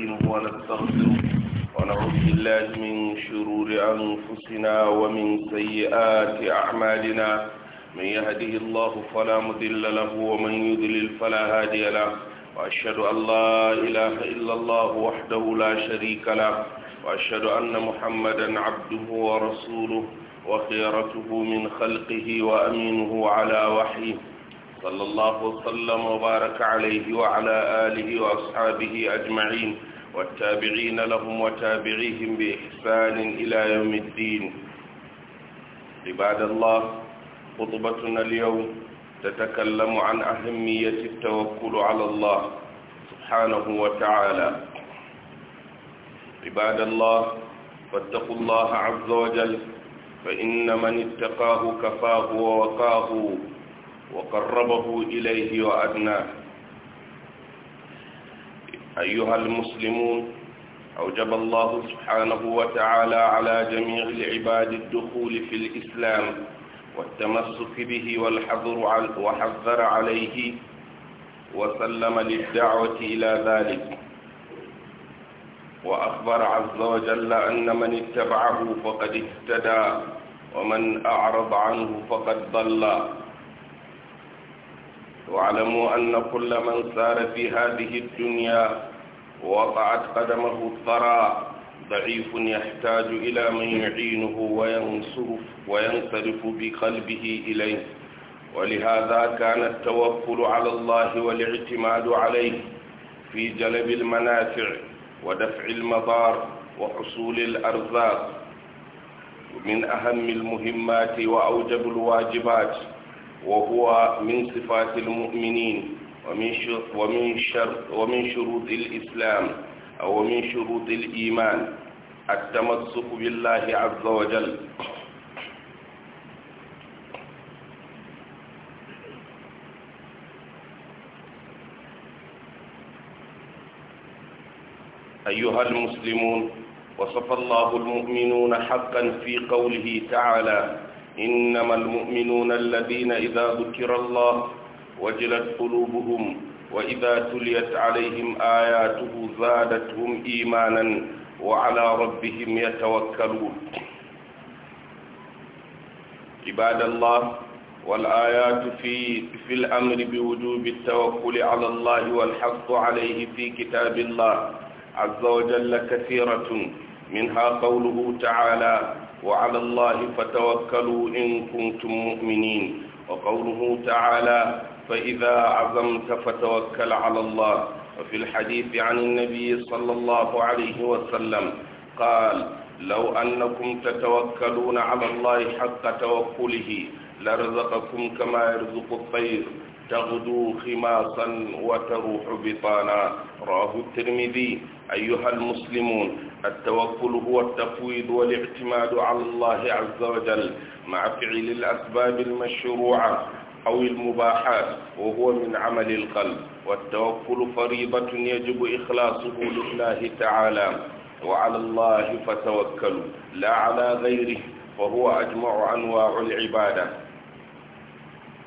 ونستعينه ونستغفره ونعوذ بالله من شرور أنفسنا ومن سيئات أعمالنا من يهده الله فلا مضل له ومن يضلل فلا هادي له وأشهد أن لا إله إلا الله وحده لا شريك له وأشهد أن محمدا عبده ورسوله وخيرته من خلقه وأمينه على وحيه صلى الله وسلم وبارك عليه وعلى آله وأصحابه أجمعين والتابعين لهم وتابعيهم بإحسان إلى يوم الدين عباد الله خطبتنا اليوم تتكلم عن أهمية التوكل على الله سبحانه وتعالى عباد الله فاتقوا الله عز وجل فإن من اتقاه كفاه ووقاه وقربه إليه وأدناه أيها المسلمون أوجب الله سبحانه وتعالى على جميع العباد الدخول في الإسلام والتمسك به والحذر وحذر عليه وسلم للدعوة إلى ذلك وأخبر عز وجل أن من اتبعه فقد اهتدى ومن أعرض عنه فقد ضلّ واعلموا أن كل من سار في هذه الدنيا وقعت قدمه الثرى ضعيف يحتاج إلى من يعينه وينصرف وينصرف بقلبه إليه ولهذا كان التوكل على الله والاعتماد عليه في جلب المنافع ودفع المضار وحصول الأرزاق من أهم المهمات وأوجب الواجبات وهو من صفات المؤمنين ومن ومن ومن شروط الإسلام أو من شروط الإيمان التمسك بالله عز وجل أيها المسلمون وصف الله المؤمنون حقا في قوله تعالى إنما المؤمنون الذين إذا ذكر الله وجلت قلوبهم وإذا تليت عليهم آياته زادتهم إيمانا وعلى ربهم يتوكلون عباد الله والآيات في في الأمر بوجوب التوكل على الله والحق عليه في كتاب الله عز وجل كثيرة منها قوله تعالى وعلى الله فتوكلوا إن كنتم مؤمنين وقوله تعالى فإذا عزمت فتوكل على الله وفي الحديث عن النبي صلى الله عليه وسلم قال لو أنكم تتوكلون على الله حق توكله لرزقكم كما يرزق الطير تغدو خماصا وتروح بطانا رواه الترمذي أيها المسلمون التوكل هو التفويض والاعتماد على الله عز وجل مع فعل الأسباب المشروعة أو المباحات وهو من عمل القلب والتوكل فريضة يجب إخلاصه لله تعالى وعلى الله فتوكلوا لا على غيره وهو أجمع أنواع العبادة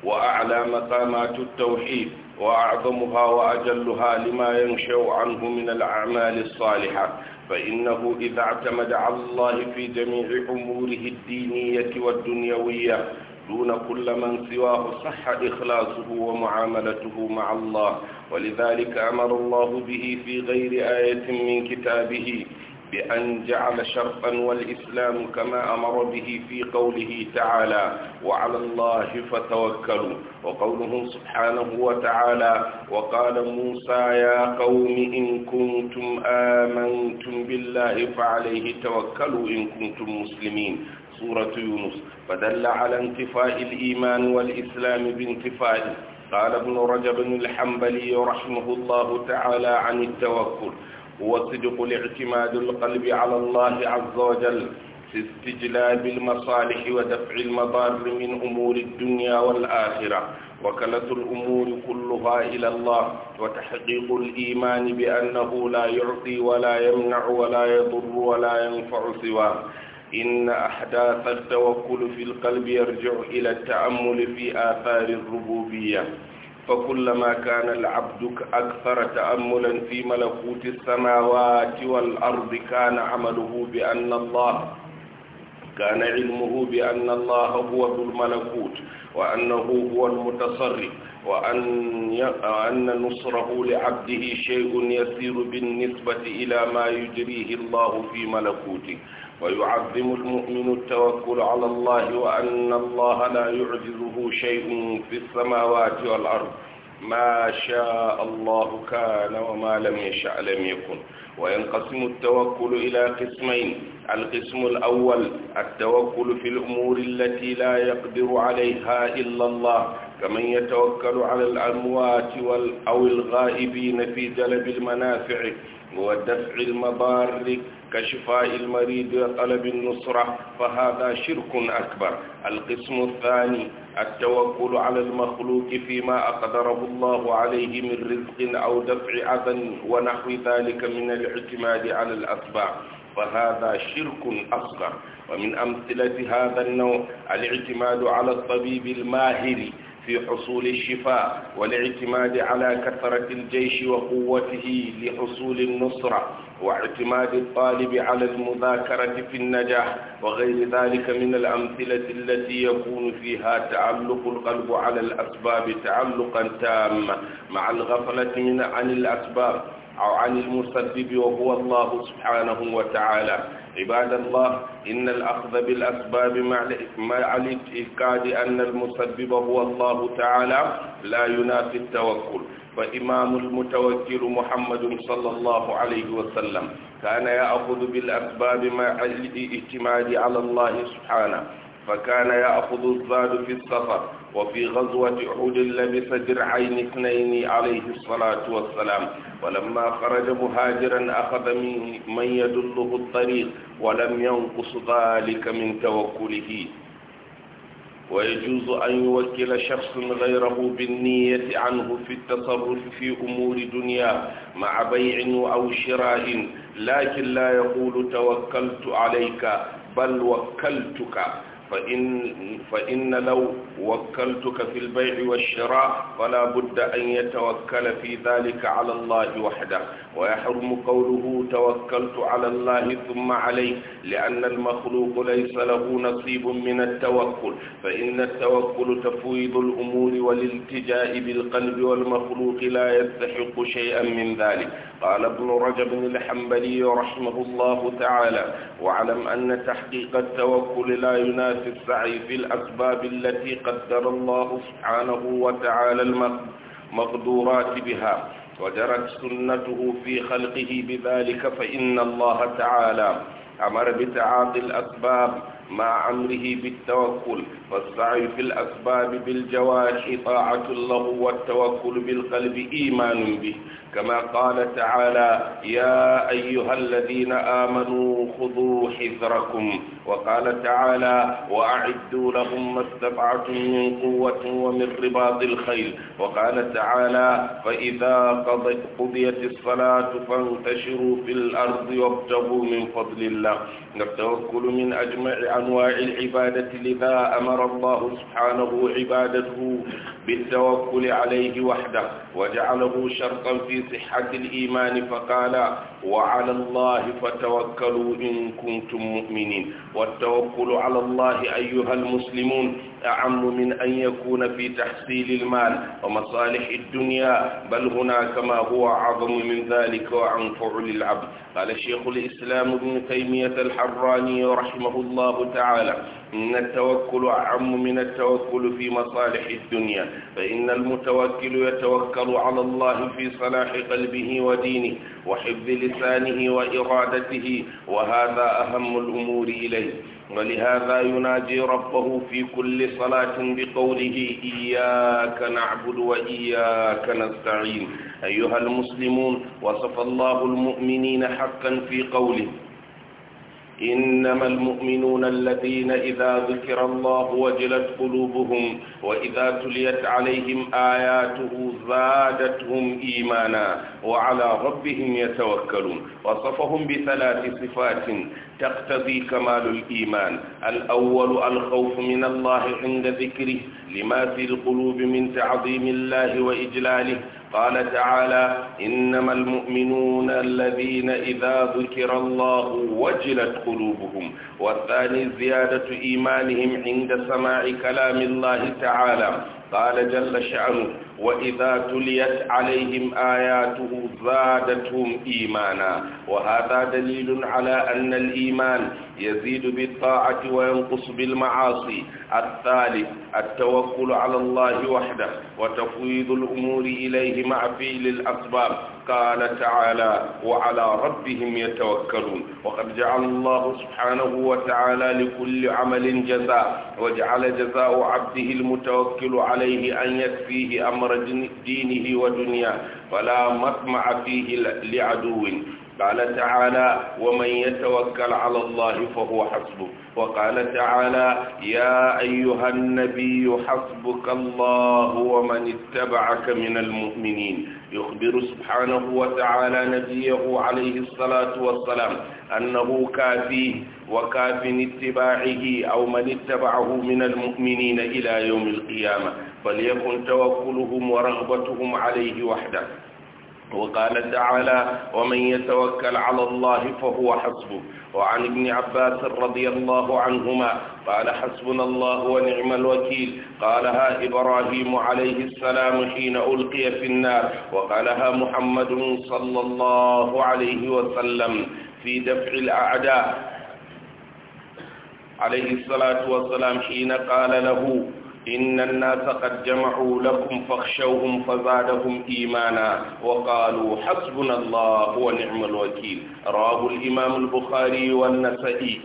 وأعلى مقامات التوحيد وأعظمها وأجلها لما ينشأ عنه من الأعمال الصالحة فإنه إذا اعتمد على الله في جميع أموره الدينية والدنيوية دون كل من سواه صح إخلاصه ومعاملته مع الله ولذلك أمر الله به في غير آية من كتابه بأن جعل شرطا والإسلام كما أمر به في قوله تعالى وعلى الله فتوكلوا وقوله سبحانه وتعالى وقال موسى يا قوم إن كنتم آمنتم بالله فعليه توكلوا إن كنتم مسلمين سورة يونس فدل على انتفاء الإيمان والإسلام بانتفائه قال ابن رجب الحنبلي رحمه الله تعالى عن التوكل وصدق الاعتماد القلب على الله عز وجل في استجلاب المصالح ودفع المضار من أمور الدنيا والآخرة وكلة الأمور كلها إلى الله وتحقيق الإيمان بأنه لا يعطي ولا يمنع ولا يضر ولا ينفع سواه إن أحداث التوكل في القلب يرجع إلى التأمل في آثار الربوبية فكلما كان العبد أكثر تأملا في ملكوت السماوات والأرض كان عمله بأن الله كان علمه بأن الله هو ذو الملكوت وأنه هو المتصرف وأن, نصره لعبده شيء يسير بالنسبة إلى ما يجريه الله في ملكوته ويعظم المؤمن التوكل على الله وأن الله لا يعجزه شيء في السماوات والأرض ما شاء الله كان وما لم يشاء لم يكن وينقسم التوكل إلى قسمين القسم الأول التوكل في الأمور التي لا يقدر عليها إلا الله كمن يتوكل على الأموات أو الغائبين في جلب المنافع ودفع المضار كشفاء المريض وطلب النصرة فهذا شرك أكبر القسم الثاني التوكل على المخلوق فيما أقدره الله عليه من رزق أو دفع أذى ونحو ذلك من الاعتماد على الأسباب فهذا شرك أصغر ومن أمثلة هذا النوع الاعتماد على الطبيب الماهر في حصول الشفاء والاعتماد على كثرة الجيش وقوته لحصول النصرة واعتماد الطالب على المذاكرة في النجاح وغير ذلك من الأمثلة التي يكون فيها تعلق القلب على الأسباب تعلقا تاما مع الغفلة من عن الأسباب أو عن المسبب وهو الله سبحانه وتعالى عباد الله إن الأخذ بالأسباب مع الإفكاد أن المسبب هو الله تعالى لا ينافي التوكل فإمام المتوكل محمد صلى الله عليه وسلم كان يأخذ بالأسباب مع الاعتماد على الله سبحانه فكان يأخذ الزاد في السفر وفي غزوة أحد لبس درعين اثنين عليه الصلاة والسلام ولما خرج مهاجرا أخذ منه من يدله الطريق ولم ينقص ذلك من توكله ويجوز أن يوكل شخص غيره بالنية عنه في التصرف في أمور دنياه مع بيع أو شراء لكن لا يقول توكلت عليك بل وكلتك فإن, فإن لو وكلتك في البيع والشراء فلا بد أن يتوكل في ذلك على الله وحده ويحرم قوله توكلت على الله ثم عليه لأن المخلوق ليس له نصيب من التوكل فإن التوكل تفويض الأمور والالتجاء بالقلب والمخلوق لا يستحق شيئا من ذلك قال ابن رجب الحنبلي رحمه الله تعالى واعلم أن تحقيق التوكل لا يناسب في السعي في الأسباب التي قدر الله سبحانه وتعالى المقدورات بها وجرت سنته في خلقه بذلك فإن الله تعالى أمر بتعاطي الأسباب مع أمره بالتوكل فالسعي في الأسباب بالجوارح طاعة له والتوكل بالقلب إيمان به كما قال تعالى يا أيها الذين آمنوا خذوا حذركم وقال تعالى وأعدوا لهم ما استطعتم من قوة ومن رباط الخيل وقال تعالى فإذا قضيت الصلاة فانتشروا في الأرض وابتغوا من فضل الله نتوكل من أجمع أنواع العبادة لذا أمر الله سبحانه عبادته بالتوكل عليه وحده وجعله شرطا في صحة الإيمان فقال وعلى الله فتوكلوا إن كنتم مؤمنين والتوكل على الله أيها المسلمون أعم من أن يكون في تحصيل المال ومصالح الدنيا بل هناك ما هو أعظم من ذلك وأنفع للعبد قال الشيخ الإسلام ابن تيمية الحراني رحمه الله تعالى إن التوكل أعم من التوكل في مصالح الدنيا فإن المتوكل يتوكل على الله في صلاح قلبه ودينه وحفظ لسانه وإرادته وهذا أهم الأمور إليه ولهذا يناجي ربه في كل صلاة بقوله إياك نعبد وإياك نستعين أيها المسلمون وصف الله المؤمنين حقا في قوله إنما المؤمنون الذين إذا ذكر الله وجلت قلوبهم وإذا تليت عليهم آياته زادتهم إيمانا وعلى ربهم يتوكلون وصفهم بثلاث صفات تقتضي كمال الإيمان الأول الخوف من الله عند ذكره لما في القلوب من تعظيم الله وإجلاله قال تعالى إنما المؤمنون الذين إذا ذكر الله وجلت قلوبهم والثاني زيادة إيمانهم عند سماع كلام الله تعالى قال جل شأنه وإذا تليت عليهم آياته زادتهم إيمانا وهذا دليل على أن الإيمان يزيد بالطاعة وينقص بالمعاصي الثالث التوكل على الله وحده وتفويض الأمور إليه مع فعل الأسباب قال تعالى وعلى ربهم يتوكلون وقد جعل الله سبحانه وتعالى لكل عمل جزاء وجعل جزاء عبده المتوكل عليه أن يكفيه أمر دينه ودنياه فلا مطمع فيه لعدو قال تعالى ومن يتوكل على الله فهو حسبه وقال تعالى يا أيها النبي حسبك الله ومن اتبعك من المؤمنين يخبر سبحانه وتعالى نبيه عليه الصلاة والسلام أنه كافيه وكاف اتباعه أو من اتبعه من المؤمنين إلى يوم القيامة فليكن توكلهم ورغبتهم عليه وحده وقال تعالى ومن يتوكل على الله فهو حسبه وعن ابن عباس رضي الله عنهما قال حسبنا الله ونعم الوكيل قالها إبراهيم عليه السلام حين ألقي في النار وقالها محمد صلى الله عليه وسلم في دفع الأعداء عليه الصلاة والسلام حين قال له إن الناس قد جمعوا لكم فاخشوهم فزادهم إيمانا وقالوا حسبنا الله ونعم الوكيل رواه الإمام البخاري والنسائي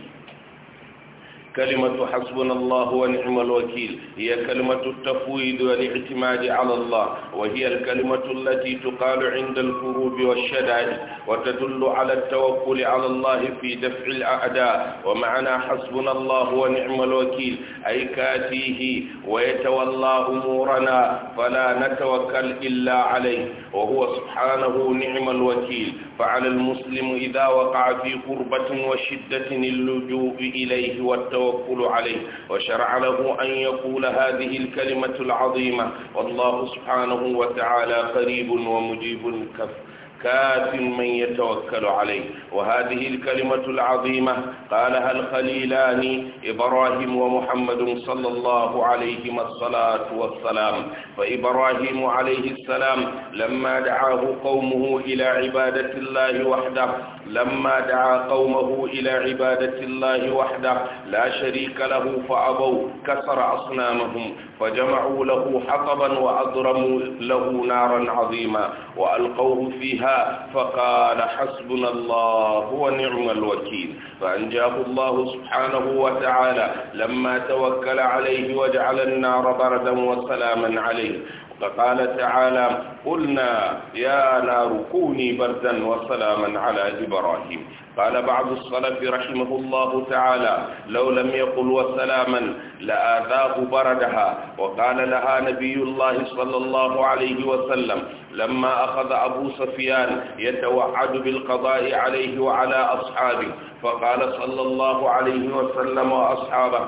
كلمة حسبنا الله ونعم الوكيل هي كلمة التفويض والاعتماد على الله وهي الكلمة التي تقال عند الكروب والشدائد وتدل على التوكل على الله في دفع الأعداء ومعنى حسبنا الله ونعم الوكيل أي كاتيه ويتولى أمورنا فلا نتوكل إلا عليه وهو سبحانه نعم الوكيل فعلى المسلم إذا وقع في قربة وشدة اللجوء إليه والتوكل التوكل عليه وشرع له أن يقول هذه الكلمة العظيمة والله سبحانه وتعالى قريب ومجيب كفر كاف من يتوكل عليه وهذه الكلمة العظيمة قالها الخليلان إبراهيم ومحمد صلى الله عليهما الصلاة والسلام فإبراهيم عليه السلام لما دعاه قومه إلى عبادة الله وحده لما دعا قومه إلى عبادة الله وحده لا شريك له فأبوا كسر أصنامهم فجمعوا له حطبا وأضرموا له نارا عظيما وألقوه فيها فقال حسبنا الله ونعم الوكيل فأنجاه الله سبحانه وتعالى لما توكل عليه وجعل النار بردا وسلاما عليه فقال تعالى قلنا يا نار كوني بردا وسلاما على إبراهيم قال بعض السلف رحمه الله تعالى لو لم يقل وسلاما لآذاه بردها وقال لها نبي الله صلى الله عليه وسلم لما أخذ أبو سفيان يتوعد بالقضاء عليه وعلى أصحابه فقال صلى الله عليه وسلم وأصحابه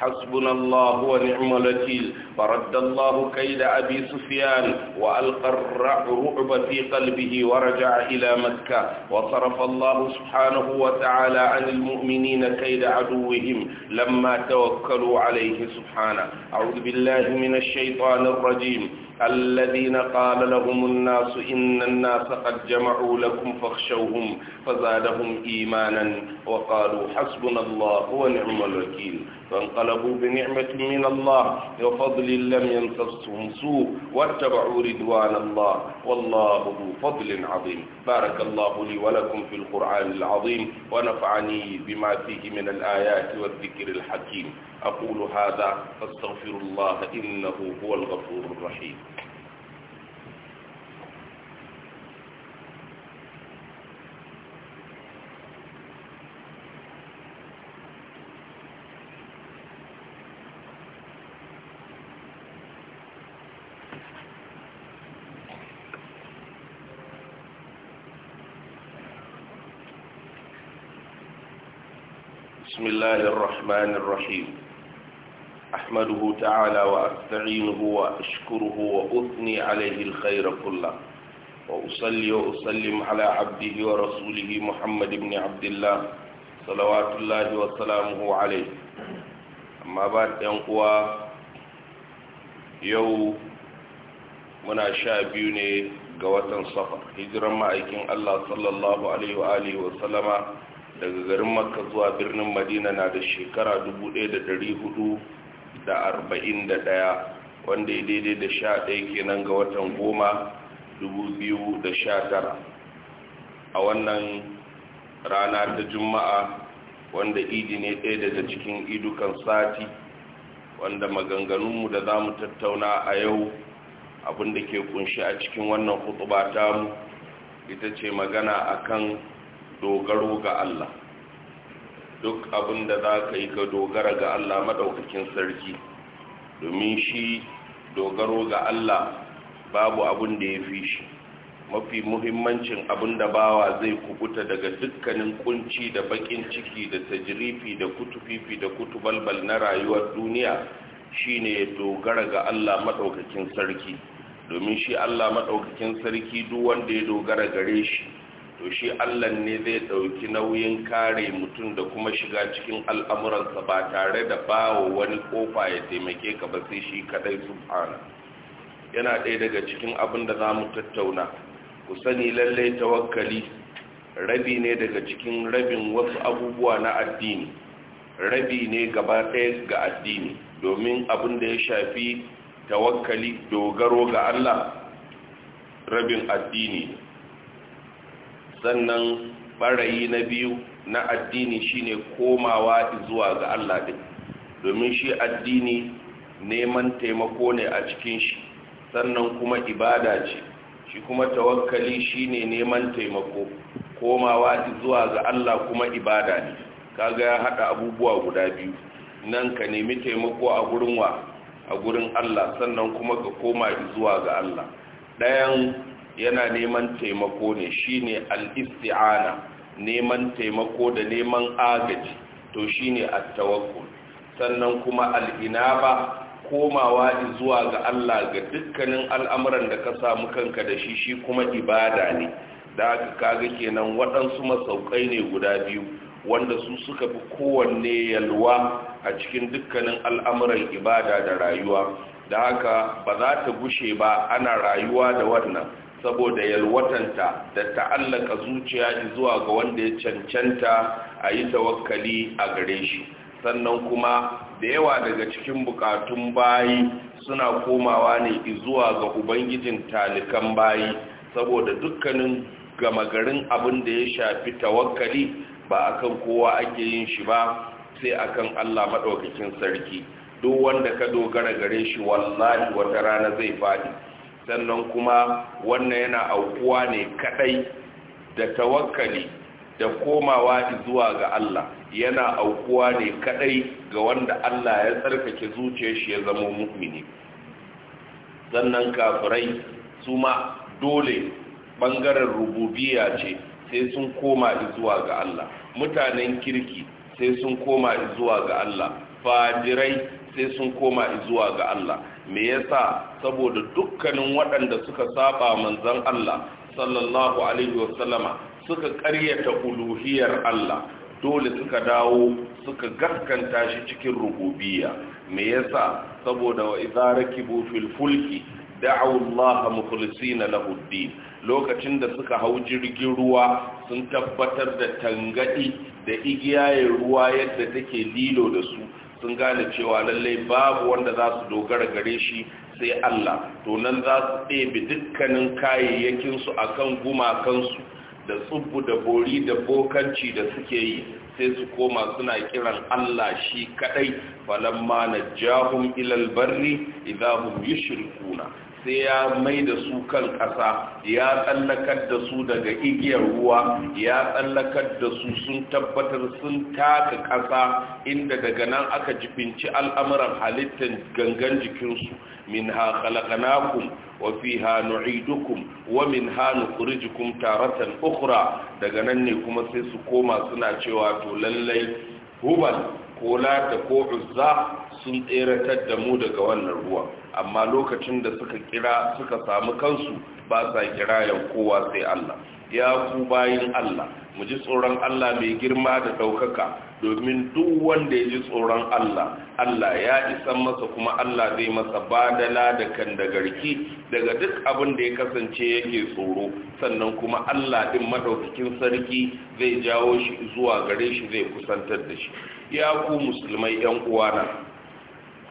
حسبنا الله ونعم الوكيل فرد الله كيد أبي سفيان وألقى الرعب في قلبه ورجع إلى مكة وصرف الله سبحانه وتعالى عن المؤمنين كيد عدوهم لما توكلوا عليه سبحانه أعوذ بالله من الشيطان الرجيم الذين قال لهم الناس إن الناس قد جمعوا لكم فاخشوهم فزادهم إيمانا وقالوا حسبنا الله ونعم الوكيل فانقلبوا بنعمة من الله وفضل لم يمسسهم سوء واتبعوا رضوان الله والله ذو فضل عظيم بارك الله لي ولكم في القرآن العظيم ونفعني بما فيه من الآيات والذكر الحكيم أقول هذا فاستغفر الله إنه هو الغفور الرحيم بسم الله الرحمن الرحيم أحمده تعالى وأستعينه وأشكره وأثني عليه الخير كله وأصلي وأسلم على عبده ورسوله محمد بن عبد الله صلوات الله وسلامه عليه أما بعد ينقوى يو muna sha biyu ne ga watan safar hijiran ma'aikin Allah sallallahu alaihi wa alihi wa sallama daga garin makka zuwa birnin madina na da shekara 1441 wanda ya daidai da sha ɗaya kenan ga watan goma 2019 a wannan rana ta juma'a wanda idi ne ɗaya daga cikin idukan sati wanda maganganunmu da za mu tattauna a yau abinda ke kunshi a cikin wannan hutu ba tamu ita ce magana akan dogaro ga Allah duk abin da za ka yi ka dogara ga Allah maɗaukakin sarki domin shi dogaro ga Allah babu abin da ya fi shi mafi muhimmancin abin da bawa zai kubuta daga dukkanin kunci da bakin ciki da tajirifi da kutufifi da kutubalbal na rayuwar duniya shine ya dogara ga Allah maɗaukakin sarki domin shi Allah maɗaukakin sarki duk wanda ya dogara gare shi to shi Allah ne zai ɗauki nauyin kare mutum da kuma shiga cikin al'amuransa ba tare da bawa wani kofa ya taimake ka ba sai shi kadai subhana yana ɗaya daga cikin abin da za mu tattauna ku sani lallai tawakkali rabi ne daga cikin rabin wasu abubuwa na addini rabi ne gaba ɗaya ga addini domin abin da ya shafi tawakkali dogaro ga Allah rabin addini sannan barayi na biyu na addini shine komawa zuwa ga Allah din domin shi addini neman taimako ne a cikin shi sannan kuma ibada ce shi kuma tawakkali shine neman taimako komawa zuwa ga Allah kuma ibada ne kaga ya hada abubuwa guda biyu nan ka nemi taimako a gurin wa a gurin Allah sannan kuma ka koma zuwa ga Allah dayan yana neman taimako ne shine al-isti'ana neman taimako da neman agaji to shi at-tawakkul sannan kuma al-inaba komawa zuwa ga Allah ga dukkanin al'amuran da ka samu kanka da shi shi kuma ibada ne da aka kaga kenan waɗansu masaukai ne guda biyu wanda su suka fi kowanne yalwa a cikin dukkanin al'amuran ibada da rayuwa da haka ba za ta gushe ba ana rayuwa da wannan saboda yalwatanta da ta'allaka zuciya zuwa ga wanda ya cancanta a yi tawakkali a gare shi sannan kuma da yawa daga cikin bukatun bayi suna komawa ne zuwa ga ubangijin talikan bayi saboda dukkanin gama garin abin da ya shafi tawakkali ba akan kowa ake yin shi ba sai akan Allah maɗaukakin sarki duk wanda ka dogara gare shi wallahi wata rana zai faɗi sannan kuma wannan yana aukuwa ne kadai da tawakkali da komawa zuwa ga Allah yana aukuwa ne kadai ga wanda Allah ya tsarkake zuciyar shi ya zama mu'mini sannan kafirai su ma dole bangaren rububiya ce sai sun koma zuwa ga Allah mutanen kirki sai sun koma zuwa ga Allah fajirai sai sun koma zuwa ga Allah me yasa saboda dukkanin waɗanda suka saba manzon Allah sallallahu alaihi wasallama suka ƙaryata uluhiyar Allah dole suka dawo suka gaskanta shi cikin rububiyya me yasa saboda wa idza rakibu fil fulki da'u Allah mukhlisina lahu ddin lokacin da suka hau jirgin ruwa sun tabbatar da tangadi da igiyayen ruwa yadda take lilo da su sun gane cewa lallai babu wanda za su dogara gare shi sai Allah to nan za su ɗebe dukkanin kayayyakinsu a kan gumakansu da tsubbu da bori da bokanci da suke yi sai su koma suna kiran Allah shi kaɗai falamma na jahun ilal barri idahun yi shirkuna sai ya mai da su kan ƙasa ya tsallakar da su daga igiyar ruwa ya tsallakar da su sun tabbatar sun taka ƙasa inda daga nan aka jibinci al'amuran halittar gangan jikinsu min ha khalaqnakum wa fiha nu'idukum wa min ha nukhrijukum taratan ukura daga nan ne kuma sai su koma suna cewa to lallai hubal ko lata ko uzza sun tseratar da mu daga wannan ruwa amma lokacin da suka kira suka samu kansu ba sa kirayen kowa sai Allah ya ku bayin Allah mu ji tsoron Allah mai girma da ɗaukaka domin duk wanda ya ji tsoron Allah Allah ya isa masa kuma Allah zai masa badala da kan da garki daga duk abin da ya kasance yake tsoro sannan kuma Allah din madaukakin sarki zai jawo shi zuwa gare shi zai kusantar da shi ya ku musulmai yan uwana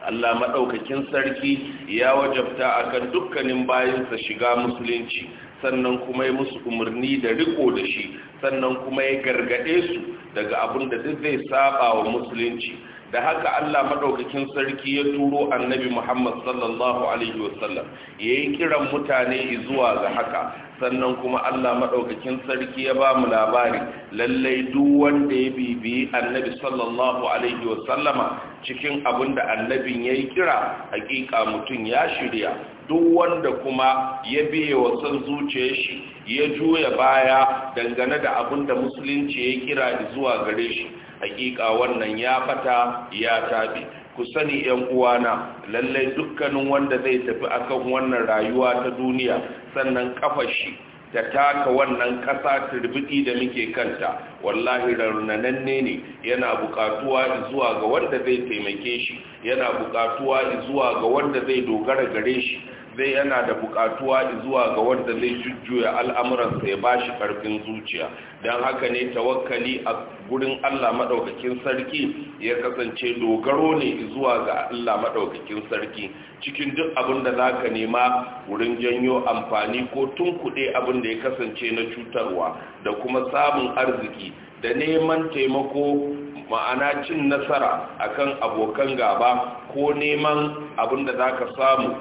Allah maɗaukakin sarki ya wajabta akan dukkanin bayansa shiga musulunci sannan kuma ya musu umarni da riko da shi sannan kuma ya gargaɗe su daga abin da duk zai saba wa musulunci da haka Allah maɗaukakin sarki ya turo annabi Muhammad sallallahu alaihi wasallam ya yi kiran mutane zuwa ga haka sannan kuma Allah maɗaukakin sarki ya ba mu labari lallai duk wanda ya bibi annabi sallallahu alaihi wa sallama, cikin abin da annabin ya yi kira hakika mutum ya shirya duk wanda kuma ya biye wa son zuciyar shi ya juya baya dangane da abin da musulunci ya kira zuwa gare shi hakika wannan ya fata ya tabi ku sani yan uwana lallai dukkanin wanda zai tafi akan wannan rayuwa ta duniya sannan kafa shi da taka wannan ƙasa turbiki da muke kanta wallahi raunananne ne yana bukatuwa zuwa ga wanda zai taimake shi yana buƙatuwa zuwa ga wanda zai dogara gare shi sai yana da bukatuwa zuwa ga wanda zai jujjuya al'amuransa ya ba shi ƙarfin zuciya don haka ne tawakkali a gurin Allah maɗaukakin sarki ya kasance dogaro ne zuwa ga Allah maɗaukakin sarki cikin duk abin da za nema wurin janyo amfani ko tunkuɗe abin da ya kasance na cutarwa da kuma samun arziki da neman taimako ma'ana cin nasara akan abokan gaba ko neman abin da za samu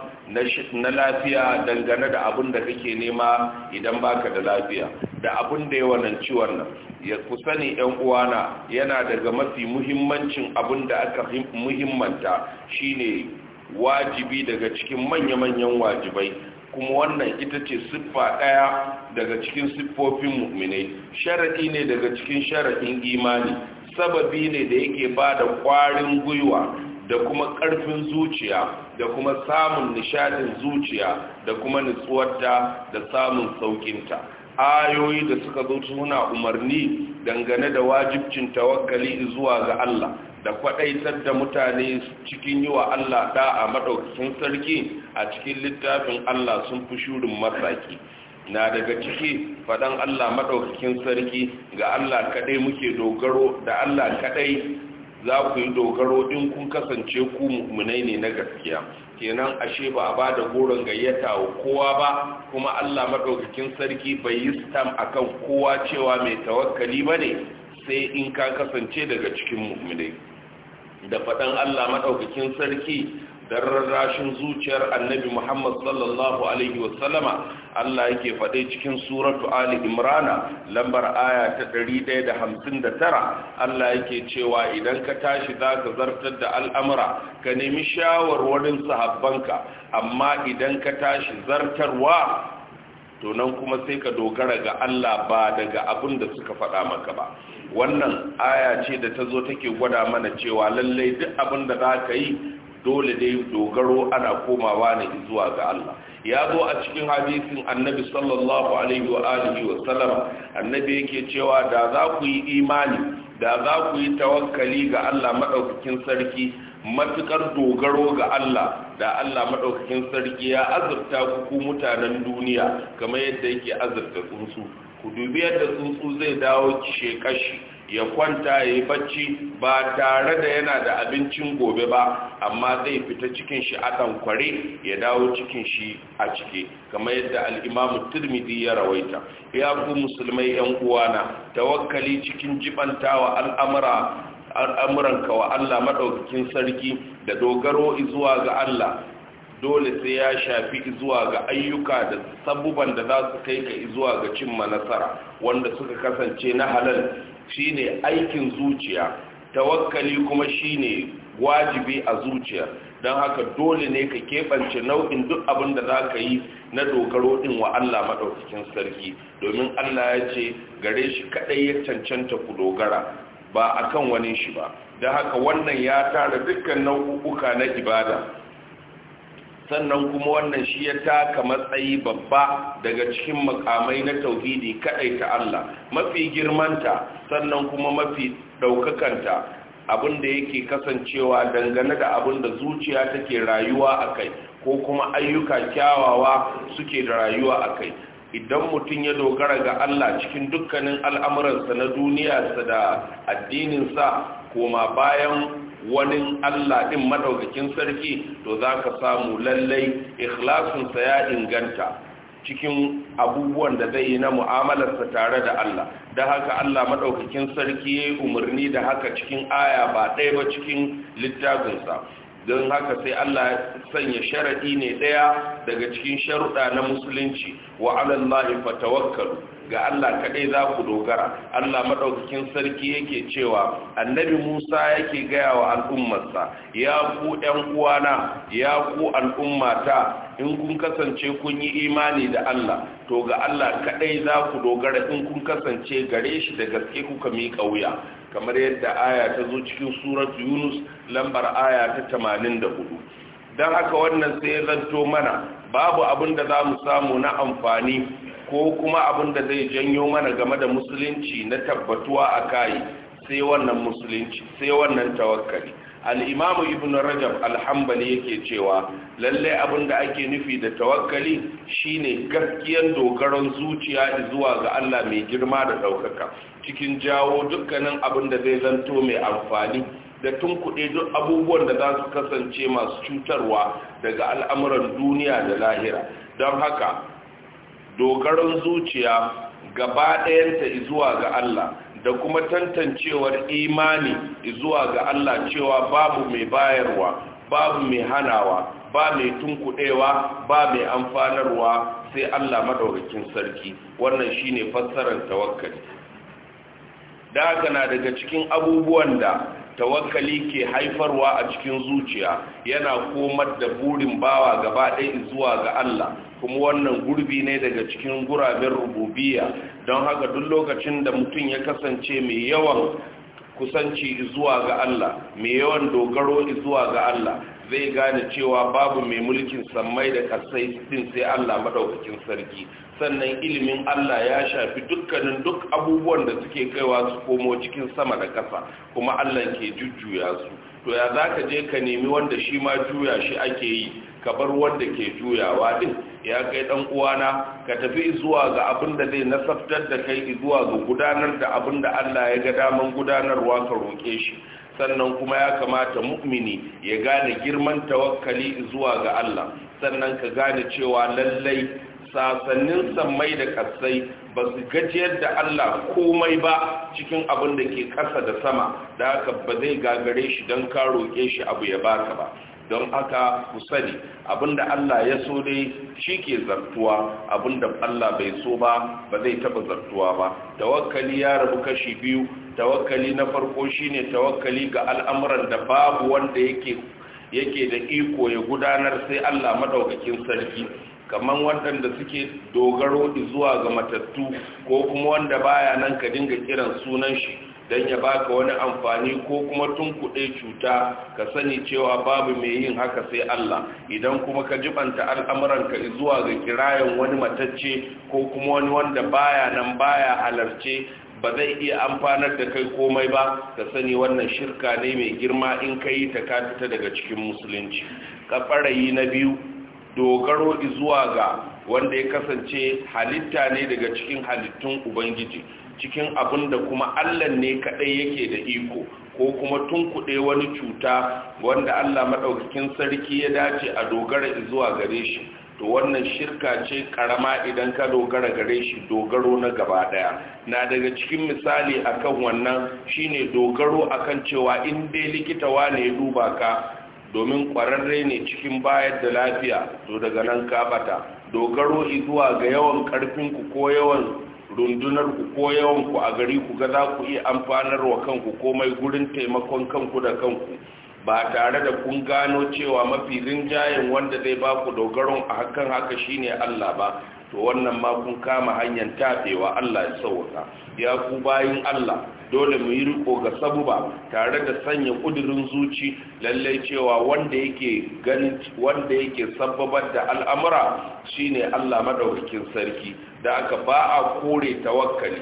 na lafiya dangane da abin da kake nema idan baka da lafiya da abin da yawan ciwon nan ya kusani yan uwana yana daga mafi muhimmancin abin da aka muhimmanta shine wajibi daga cikin manya-manyan wajibai kuma wannan ita ce siffa ɗaya daga cikin siffofin mu'minai sharaɗi ne daga cikin sharaɗin imani sababi ne da yake ba da ƙwarin gwiwa da kuma ƙarfin zuciya da kuma samun nishadin zuciya da kuma nitsuwarta da samun saukinta ayoyi da suka zo suna umarni dangane da wajibcin tawakkali zuwa ga Allah da kwadaitar da mutane cikin yi wa Allah a madaukakin sarki a cikin littafin Allah sun fi shurin matsaki na daga ciki faɗan Allah maɗaukakin sarki ga Allah kaɗai muke dogaro da Allah kaɗai za ku yi dogaro in kun kasance ku mu'minai ne na gaskiya kenan ashe ba a ba da goron gayyata wa kowa ba kuma Allah Maɗaukakin sarki bai yi stam akan kowa cewa mai tawakkali ne, sai in ka kasance daga cikin mu'minai da faɗan Allah Maɗaukakin sarki da rarrashin zuciyar annabi Muhammad sallallahu Alaihi wasallama Allah yake faɗe cikin suratu Ali Imrana lambar aya ta 159 Allah yake cewa idan ka tashi za ka zartar da al'amura ka nemi shawarwarin sahabbanka amma idan ka tashi zartarwa to nan kuma sai ka dogara ga Allah ba daga abin da suka faɗa maka ba wannan aya ce da ta zo take gwada mana cewa lallai duk abin da za ka yi dole dai dogaro ana komawa ne zuwa ga Allah ya zo a cikin hadisin annabi sallallahu alaihi wa alihi wa sallam annabi yake cewa da za ku yi imani da za ku yi tawakkali ga Allah madaukakin sarki matukar dogaro ga Allah da Allah madaukakin sarki ya azurta ku mutanen duniya kamar yadda yake azurta tsuntsu ku dubi yadda tsuntsu zai dawo shekashi ya kwanta ya yi bacci ba tare da yana da abincin gobe ba amma zai fita cikin shi a kware ya dawo cikin shi a cike kamar yadda al'imamu turmidi ya rawaita ya ku musulmai 'yan uwana tawakkali cikin jibantawa al'amura al'amuranka wa Allah maɗaukakin sarki da dogaro zuwa ga Allah dole sai ya shafi zuwa ga ayyuka da sabuban da za su kai ka zuwa ga cimma nasara wanda suka kasance na halal shine aikin zuciya tawakkali kuma shine wajibi a zuciya don haka dole ne ka keɓance nau'in duk abin da za ka yi na dogaro din wa Allah maɗaukakin sarki domin Allah ya ce gare shi kaɗai ya cancanta ku dogara ba a kan wani shi ba don haka wannan ya tara dukkan nau'uka na ibada sannan kuma wannan shi ya taka matsayi babba daga cikin makamai na tauhidi kadai ta Allah mafi girmanta sannan kuma mafi daukakanta abinda yake kasancewa dangane da abinda zuciya take rayuwa akai ko kuma ayyuka kyawawa suke da rayuwa akai idan mutum ya dogara ga Allah cikin dukkanin al'amuransa na duniyarsa da addininsa koma bayan wani Allah ɗin madaukakin sarki to zaka samu lallai ikhlasinsa ya inganta cikin abubuwan da zai yi na mu'amalarsa tare da Allah da haka Allah maɗaukakin sarki ya yi umarni da haka cikin aya ba ɗaya ba cikin littafinsa don haka sai Allah ya sanya sharaɗi ne ɗaya daga cikin sharuɗa na musulunci wa alallahi fatawakkalu ga Allah kaɗai za ku dogara Allah maɗaukakin sarki yake cewa annabi Musa yake gaya wa al'ummarsa ya ku ɗan uwana ya ku al'ummata in kun kasance kun yi imani da Allah to ga Allah kaɗai za ku dogara in kun kasance gare shi da gaske kuka miƙa wuya kamar yadda aya ta zo cikin surat Yunus lambar aya ta 84 don haka wannan sai ya zanto mana babu abin da za mu samu na amfani ko kuma abin da zai janyo mana game da musulunci na tabbatuwa a kayi sai wannan musulunci sai wannan tawakkali al'imamu ibn rajab alhambali yake cewa lallai abin da ake nufi da tawakkali shine gaskiyan dogaron zuciya zuwa ga Allah mai girma da ɗaukaka cikin jawo dukkanin abin da zai zanto mai amfani da tunkuɗe duk abubuwan da za su kasance masu cutarwa daga al'amuran duniya da lahira don haka dogaron zuciya gaba ɗayanta zuwa ga Allah da kuma tantancewar imani zuwa ga Allah cewa babu mai bayarwa babu mai hanawa ba mai tunkuɗewa ba mai amfanarwa sai Allah maɗaukakin sarki wannan shine fassarar tawakkali da haka na daga cikin abubuwan da tawakkali ke haifarwa a cikin zuciya yana komar da burin bawa gaba ɗaya zuwa ga Allah kuma wannan gurbi ne daga cikin guraben rububiya don haka duk lokacin da mutum ya kasance mai yawan kusanci zuwa ga Allah mai yawan dogaro zuwa ga Allah zai gane cewa babu mai mulkin sammai da kasai din sai Allah madaukakin sarki sannan ilimin Allah ya shafi dukkanin duk abubuwan da suke kaiwa su komo cikin sama da ƙasa kuma Allah ke jujjuya su to ya za je ka nemi wanda shi ma juya shi ake yi ka bar wanda ke juyawa din ya kai dan uwana ka tafi zuwa ga abin da zai nasabtar da kai zuwa ga gudanar da abin da Allah ya ga daman gudanarwa ka roke shi sannan kuma ya kamata mu'mini ya gane girman tawakkali zuwa ga Allah sannan ka gane cewa lallai sasannin sammai da kasai ba su gajiyar da Allah komai ba cikin abin da ke kasa da sama da haka ba zai gagare shi don ka roƙe shi abu ya baka ba don haka ku sani abin da Allah ya so dai shi ke zartuwa abin da Allah bai so ba ba zai taba zartuwa ba tawakkali ya rabu kashi biyu tawakkali na farko shine tawakkali ga al'amuran da babu wanda yake yake da iko ya gudanar sai Allah madaukakin sarki kaman waɗanda suke dogaro zuwa ga matattu ko kuma wanda baya nan ka dinga kiran sunan shi dan ya baka wani amfani ko kuma tunkuɗe cuta ka sani cewa babu mai yin haka sai Allah idan kuma ka jibanta al'amuran al'amuranka zuwa ga kirayen wani matacce ko kuma wani wanda baya nan baya halarce ba zai iya amfanar da kai komai ba ka sani wannan shirka ne mai girma in ka yi ta kafita daga cikin musulunci kafarayi na biyu dogaro zuwa ga wanda ya kasance halitta ne daga cikin halittun ubangiji cikin abin da kuma allah ne kadai yake da iko ko kuma tun kuɗe wani cuta wanda allah maɗaukakin sarki ya dace a dogara zuwa gare shi to wannan shirka ce karama idan ka dogara gare shi dogaro na gaba daya na daga cikin misali akan wannan shine dogaro akan cewa in dai likita wane ya duba ka domin kwararre ne cikin bayar da lafiya to daga nan ka bata dogaro zuwa ga yawan karfin ku ko yawan rundunar ku ko yawan ku a gari ku ga za ku iya amfanar wa kanku komai gurin taimakon kanku da kanku ba tare da kun gano cewa mafi rinjayen wanda zai ba ku dogaron a hakan haka shine Allah ba to wannan ma kun kama hanyar tafewa Allah ya sauka ya ku bayin Allah dole mu yi riko ga sabuba tare da sanya kudirin zuci lalle cewa wanda yake ganin wanda yake sababar da al'amura shine Allah madaukakin sarki da aka ba a kore tawakkali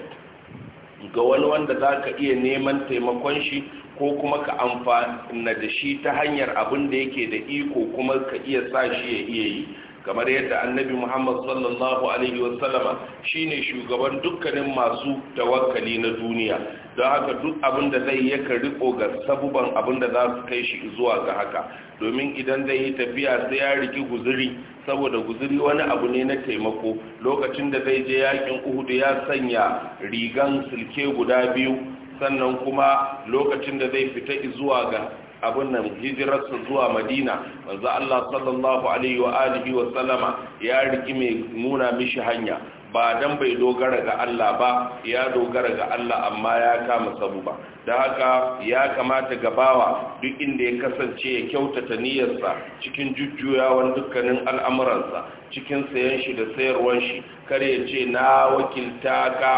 ga wani wanda zaka iya neman taimakon shi ko kuma ka amfana da shi ta hanyar abin da yake da iko kuma ka iya sa shi ya iya yi kamar yadda annabi muhammad sallallahu alaihi wasallama shi ne shugaban dukkanin masu tawakali na duniya don haka duk abin da zai yaka riko ga sabuban abin da za su kai shi zuwa ga haka domin idan zai yi tafiya sai ya riki guzuri saboda guzuri wani abu ne na taimako lokacin da zai je yakin uhudu ya sanya rigan silke guda biyu sannan kuma lokacin da zai fita zuwa ga abin nan hijirarsa zuwa madina wanzu Allah sallallahu alaihi wa alihi wa salama ya riki mai nuna mishi hanya ba dan bai dogara ga Allah ba ya dogara ga Allah amma ya kama sabu ba don haka ya kamata gabawa duk inda ya kasance ya kyautata niyyarsa cikin jujjuyawan dukkanin al'amuransa cikin sayan shi da sayarwan shi kar ya ce na wakilta ka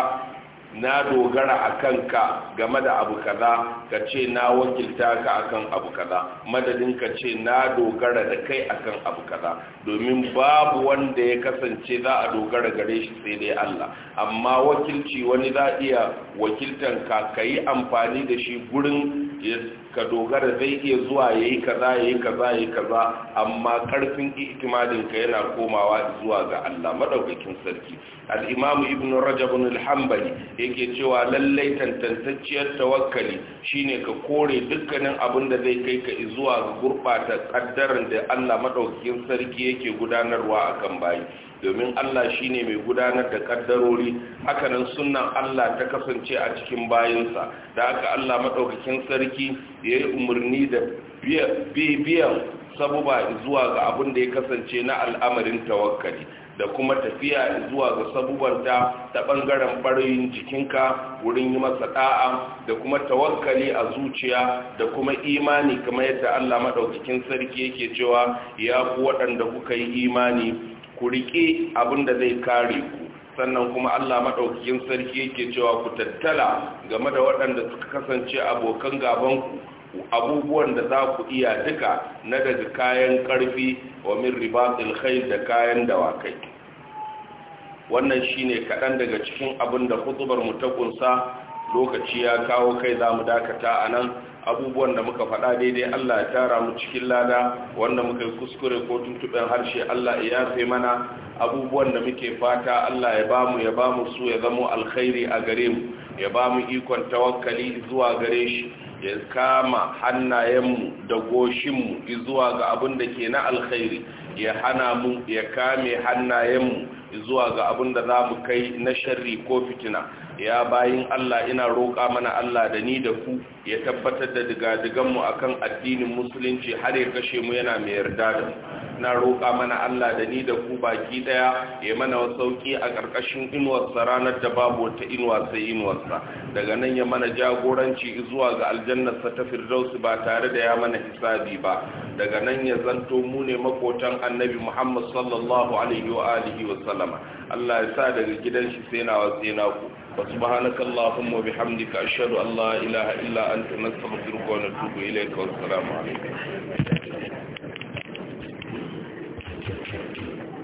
na dogara a kanka game da abu kaza ka ce na wakilta ka akan abu kaza madadin ka ce na dogara da kai akan abu kaza domin babu wanda ya kasance za a dogara gare shi sai dai Allah amma wakilci wani za iya wakiltan ka ka yi amfani da shi gurin ka dogara zai iya zuwa ya yi kaza ya yi kaza ya yi kaza amma karfin ihtimalin ka yana komawa zuwa ga Allah madaukakin sarki al-imamu ibn rajab al-hanbali yake cewa lallai tantantacciyar tawakkali shine ka kore dukkanin abin da zai kai ka zuwa ga gurbata kaddarin da Allah madaukakin sarki yake gudanarwa akan bayi domin Allah shi ne mai gudanar da kaddarori hakanan sunan Allah ta kasance a cikin bayansa da aka Allah maɗaukakin sarki ya yi umarni da bibiyan sabuba zuwa ga abin da ya kasance na al'amarin tawakkali da kuma tafiya zuwa ga sabubanta ta ɓangaren ɓarayin jikinka wurin yi masa ɗa'a da kuma tawakkali a zuciya da kuma imani kamar yadda Allah maɗaukakin sarki yake cewa ya ku waɗanda kuka yi imani ku riƙe abin da zai kare ku sannan kuma Allah maɗaukakin sarki yake cewa ku tattala game da waɗanda suka kasance abokan gabanku abubuwan da za ku iya duka na daga kayan ƙarfi wa min ribatul khair da kayan dawakai wannan shine kaɗan daga cikin abin da hutubar mu ta kunsa lokaci ya kawo kai za mu dakata a nan abubuwan da muka faɗa daidai Allah ya tara mu cikin lada wanda muka yi kuskure ko tuntuɓen harshe Allah ya yafe mana abubuwan da muke fata Allah ya bamu ya bamu su ya zamo alkhairi a gare mu ya bamu ikon tawakkali zuwa gare shi ya kama hannayen mu da goshin mu zuwa ga abin da ke na alkhairi ya hana mu ya kame hannayenmu zuwa ga abin da za mu kai na sharri ko fitina ya bayin Allah ina roƙa mana Allah da ni da ku ya tabbatar da diga-diganmu a kan addinin musulunci har ya kashe mu yana mai yarda da mu na roƙa mana Allah da ni da ku baki daya ya mana sauki a ƙarƙashin inuwarsa ranar da babu wata inuwa sai inuwarsa daga nan ya mana jagoranci zuwa ga aljannarsa ta firdaus ba tare da ya mana hisabi ba daga nan ya zanto mu ne makotan annabi Muhammad sallallahu alaihi wa alihi wa sallama Allah ya sa daga gidan shi sai wa sai na ku wa subhanaka allahumma bihamdika ashhadu an la ilaha illa anta nastaghfiruka wa natubu ilayka wa assalamu alaikum Thank you.